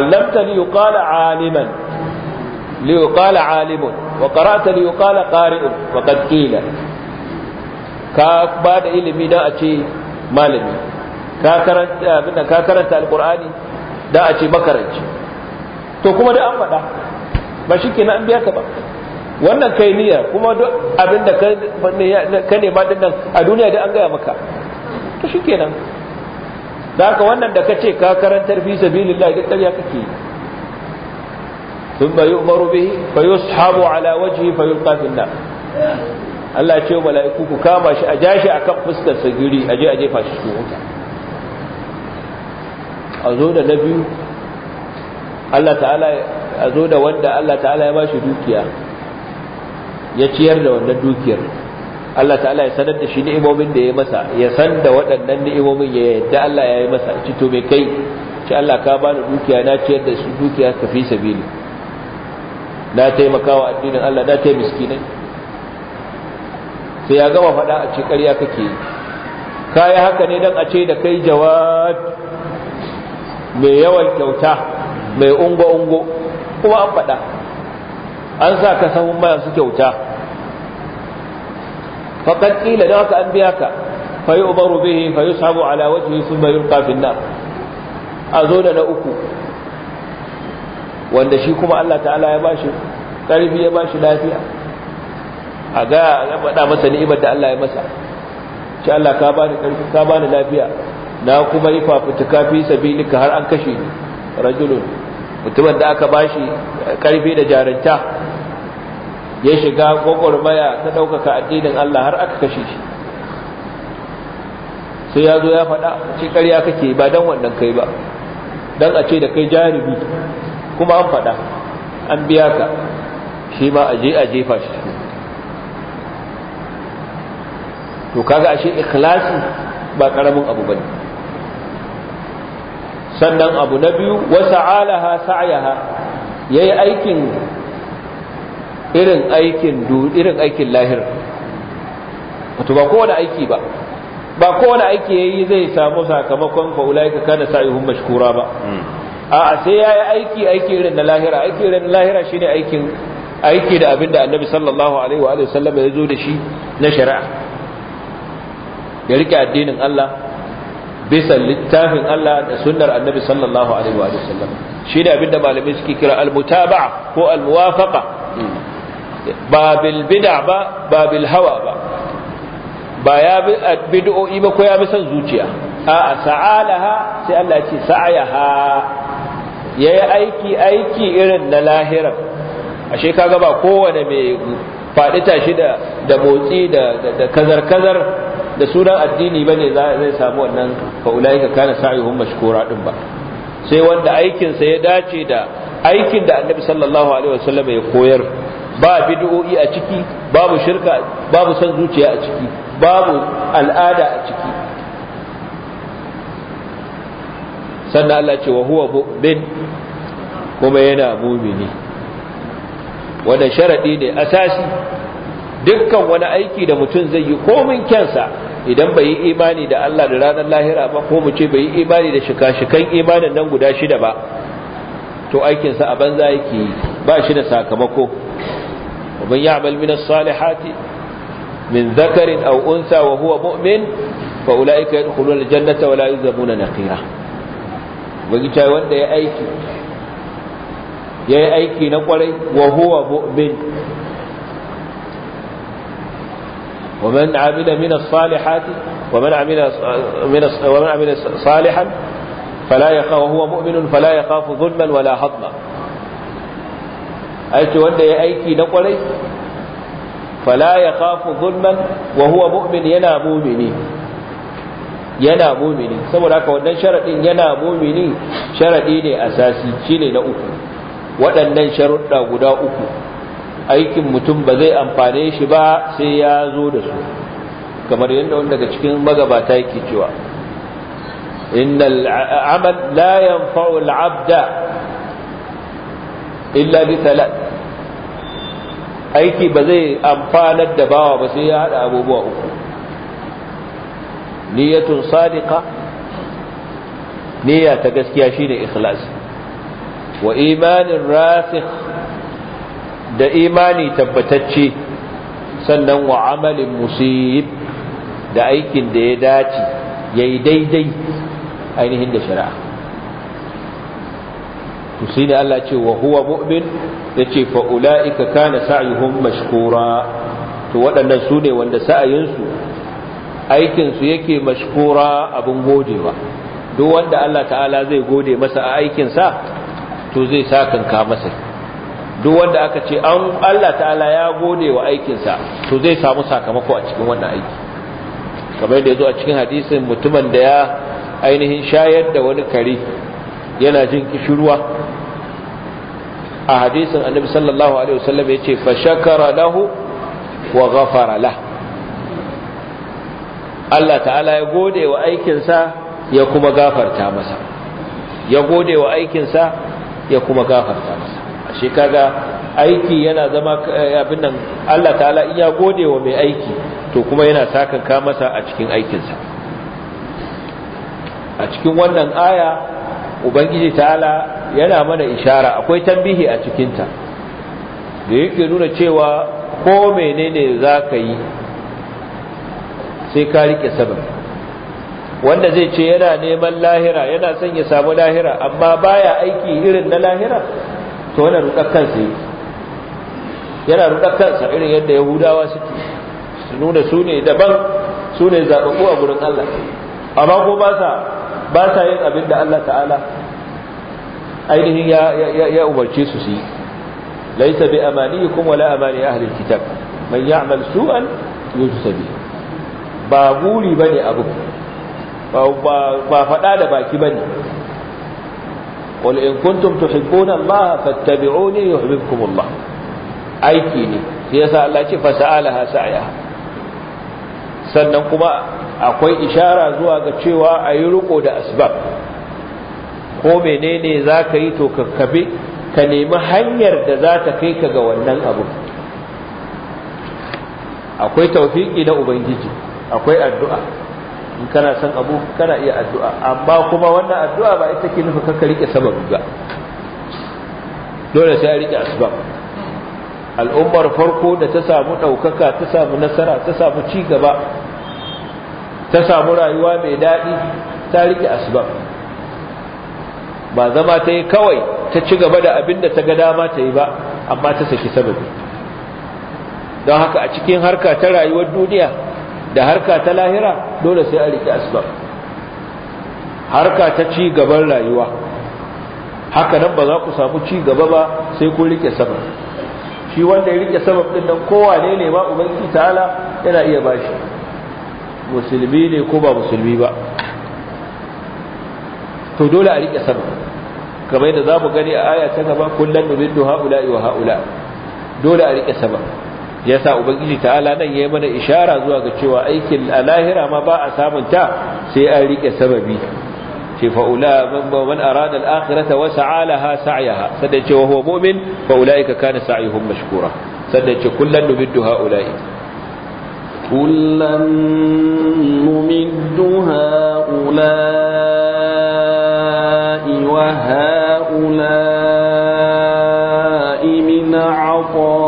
li yuqala aliman li yuqala alimun wa qara'ta li yuqala qari'un qad qila ka ba da ilimi dan a ce malami ka karanta abin da ka karanta alqur'ani da a ce makaranci to kuma da an faɗa ba shi ke na an biya ka ba wannan kai niyya kuma duk abin da ka nema din nan a duniya da an gaya maka to shi ke nan. da haka wannan da ka ce ka karantar fi sabilillah duk ƙarya kake yi ثم يؤمر به فيسحب على وجهه فيلقى في النار Allah ya ce wa mala'iku ku kama shi a jashi akan fuskar sa giri aje aje fashi cikin wuta a zo da na biyu Allah ta'ala a zo da wanda Allah ta'ala ya bashi dukiya ya ciyar da wannan dukiyar Allah ta'ala ya sanar da shi ni'imomin da ya masa ya san da waɗannan ni'imomin ya yadda Allah ya yi masa ci to mai kai ci Allah ka bani dukiya na ciyar da su dukiya ka fi sabili na taimakawa addinin Allah na taimaki miskinai sai ya gama faɗa a ce ƙarya kake yi kayi haka ne don a ce da kai jawad mai yawan kyauta mai ungo-ungo kuma an faɗa an sa ka sahun masu kyauta faƙar ƙila da aka an biya ka fayi umaru bihi fayi sabu ala wajen sun bayin kafin nan a zo da na uku wanda shi kuma Allah ta'ala ya bashi ƙarfi ya bashi lafiya a ga ya faɗa masa ni'imar da Allah ya masa ce Allah ka bani ƙarfi ka bani lafiya na kuma yi fafutuka fi sabilika har an kashe ni rajulun mutumin da aka bashi karfi da jarinta ya shiga gwagwarmaya ta ɗaukaka addinin Allah har aka kashe shi sai ya zo ya faɗa ce ƙarya kake ba don wannan kai ba don a ce da kai jarumi kuma an faɗa an biya ka shi ma a je a jefa shi to kaga ashe ikhlasi ba karamin abu bane sannan abu na biyu wasa alaha sa'yaha yayi aikin irin aikin irin aikin lahir wato ba kowane aiki ba ba kowane aiki yayi zai samu sakamakon fa ulaika kana sa'yuhum mashkura ba hmm. a'a sai ya yi aiki aiki irin na lahira aiki irin na lahira shine aikin aiki da abinda annabi sallallahu alaihi wa sallam ya zo da shi na shari'a ya riƙe addinin Allah bisa littafin Allah da sunnar annabi sallallahu alaihi wa sallam shi ne abinda malamai suke kira almutaba'a ko almuwafaqa ba bil bid'a ba ba bil hawa ba ba ya bi bid'o'i ba ko ya bi san zuciya a'a sa'alaha sai Allah ya ce sa'ayaha yayi aiki aiki irin na lahira ashe kaga ba kowane mai faɗi tashi da da motsi da kazar kazar da sunan addini bane zai samu wannan fa ka kana sa'ihum mashkura din ba sai wanda aikin sa ya dace da aikin da annabi sallallahu alaihi wasallam ya koyar ba bid'o'i a ciki babu shirka babu san zuciya a ciki babu al'ada a ciki sannan Allah ce wa huwa mu'min kuma yana mumini wanda sharadi ne asasi dukkan wani aiki da mutum zai yi komin kyansa idan bai yi imani da Allah da ranar lahira ba ko mu ce bai yi imani da shika-shikan imanin nan guda shida ba to aikinsa a banza yake yi ba shi da sakamako ومن يعمل من الصالحات من ذكر أو أنثى وهو مؤمن فأولئك يدخلون الجنة ولا يذبون نقيرا وقلت وانت يا أيكي يا أيكي نقري وهو مؤمن ومن عمل من الصالحات ومن عمل من ومن عمل صالحا فلا يخاف وهو مؤمن فلا يخاف ظلما ولا هضما aiki wanda ya aiki na kwarai fala ya kafu zulman wa huwa mu'min yana mumini yana mumini saboda haka wannan sharadin yana mumini sharadi ne asasi shine na uku waɗannan sharuɗa guda uku aikin mutum ba zai amfane shi ba sai ya zo da su kamar yadda wani daga cikin magabata yake cewa innal amal la yanfa'u al-'abda illa bi talat. aiki ba zai amfanar da bawa ba sai ya haɗa abubuwa uku niyyatun sadiqa niyya ta gaskiya shine ikhlas wa imanin rasikh da imani tabbatacce sannan wa amalin musib da aikin da ya dace ya yi daidai ainihin da shari'a to sai da Allah ce wa huwa mu'min ya ce fa'ula'ika kana sa'ayuhun mashkura to waɗannan su ne wanda sa'ayinsu aikinsu yake mashkura abin godewa duk wanda Allah ta'ala zai gode masa a aikinsa to zai sa kanka masa duk wanda aka ce an Allah ta'ala ya gode wa aikinsa to zai samu sakamako a cikin wannan aiki kamar da ya zo a cikin hadisin mutumin da ya ainihin shayar da wani kare yana jin kishirwa a hadisin annabi sallallahu alaihi wasallam yace fa shakara lahu wa ghafara lah Allah ta'ala ya gode wa aikinsa ya kuma gafarta masa ya gode wa aikinsa ya kuma gafarta masa ashe kaga aiki yana zama eh, abin nan Allah ta'ala in gode wa mai aiki to kuma yana ka masa a cikin aikinsa a cikin wannan aya ubangiji ta'ala yana mana ishara akwai tambihi a cikinta da yake nuna cewa ko menene za ka yi sai ka rike sabar wanda zai ce yana neman lahira yana son ya samu lahira amma baya aiki irin na lahira to wannan rudar kansa yake yana rudar kansa irin yadda yahudawa suke su nuna su ne daban su ne zaɓaɓɓu a gurin Allah amma ko ba sa yin abin da Allah ta'ala ainihin ya ya umarce su su yi laisa bi kun wala amani ahli kitab man ya'mal su'an yujsabi ba guri ne abu ba faɗa da baki ba ne. qul in kuntum tuhibbuna Allah fattabi'uni yuhibbukum Allah aiki ne sai yasa Allah ce fa sa'alaha sa'yaha sannan kuma akwai ishara zuwa ga cewa ayi riko da asbab ko menene zaka yi to kakkabe ka nemi hanyar da za ta kai ka ga wannan abu akwai tawfiki na ubangiji akwai addu'a in kana son abu kana iya addu'a amma kuma wannan addu'a ba ita ke nufa kakka rike sababi ba dole sai a rike asbab al'ummar farko da ta samu ɗaukaka ta samu nasara ta samu ci gaba ta samu rayuwa mai daɗi ta rike asbab ba zama ta yi kawai ta ci gaba da abin da ta ga dama ta yi ba amma ta saki sababi don haka a cikin harka ta rayuwar duniya da harka ta lahira dole sai a riƙe asbab harka ta ci gaban rayuwa haka nan ba za ku samu ci gaba ba sai ku riƙe sabab shi wanda ya riƙe sabab ɗin nan kowa ne ne ba ubangi ta'ala yana iya bashi musulmi ne ko ba musulmi ba to dole a riƙe sabab kamar yadda za mu gani a aya ta gaba kullum duha ula'i wa ha'ula dole a riƙe sabab ya sa ubangiji ta'ala nan ya yi mana ishara zuwa ga cewa aikin a lahira ma ba a samunta sai an riƙe sababi ce fa'ula man arada akirata wasu sa'alaha sa'yaha sannan ce wa huwa mu'min fa ulaika kana sa'yuhum mashkura sannan ce kullan nubiddu ha'ula'i kullan numiddu ha'ula'i wa ha'ula'i min 'ata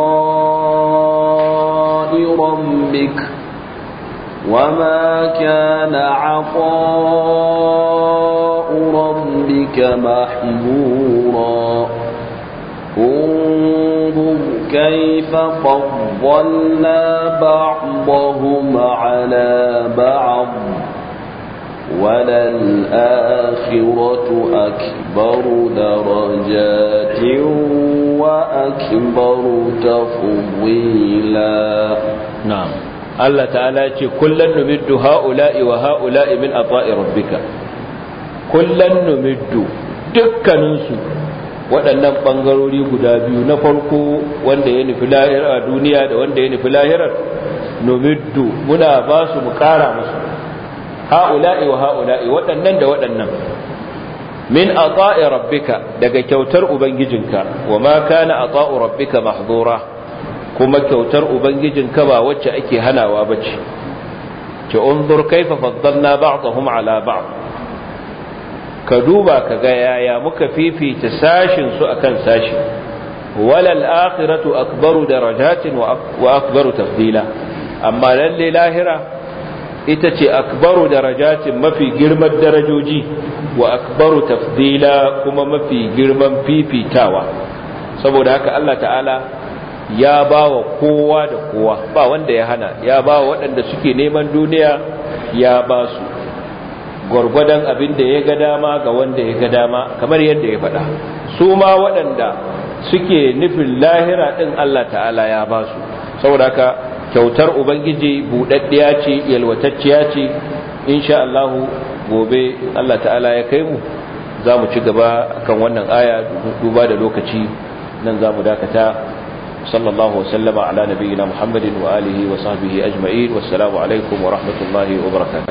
وما كان عطاء ربك محظورا انظر كيف فضلنا بعضهم على بعض وللآخرة أكبر درجات وأكبر تفضيلا نعم Allah ta'ala ce kullan numiddu ha'ula'i wa ha'ula'i min a ata'i rabbika kullan numiddu dukkaninsu waɗannan ɓangarori guda biyu na farko wanda ya nufi lahira duniya da wanda ya nufi lahirar numiddu muna ba su mu ƙara musu ha'ula'i wa ha'ula'i waɗannan da waɗannan min a ata'i rabbika daga kyautar ubangijinka wa ma kana ata'u rabbika mahdura kuma kyautar ubangijinka ba wacce ake hanawa bace ce unzur kaifa faddalna ba'dahum ala ba'd ka duba ka ga yaya muka fifita sashin su akan sashi walal akhiratu akbaru darajatin wa akbaru tafdila amma lalle lahira ita ce akbaru darajatin mafi girman darajoji wa akbaru tafdila kuma mafi girman fifitawa saboda haka Allah ta'ala ya ba wa kowa da kowa ba wanda ya hana ya ba wa waɗanda suke neman duniya ya ba su gwargwadon abin da ya ga dama ga wanda ya ga dama kamar yadda ya faɗa su ma waɗanda suke nufin lahira ɗin Allah ta'ala ya ba su saboda haka kyautar ubangiji buɗaɗɗiya ce yalwatacciya ce insha Allah gobe Allah ta'ala ya kai mu za mu ci gaba kan wannan aya duba da lokaci nan za mu dakata وصلى الله وسلم على نبينا محمد وآله وصحبه أجمعين والسلام عليكم ورحمة الله وبركاته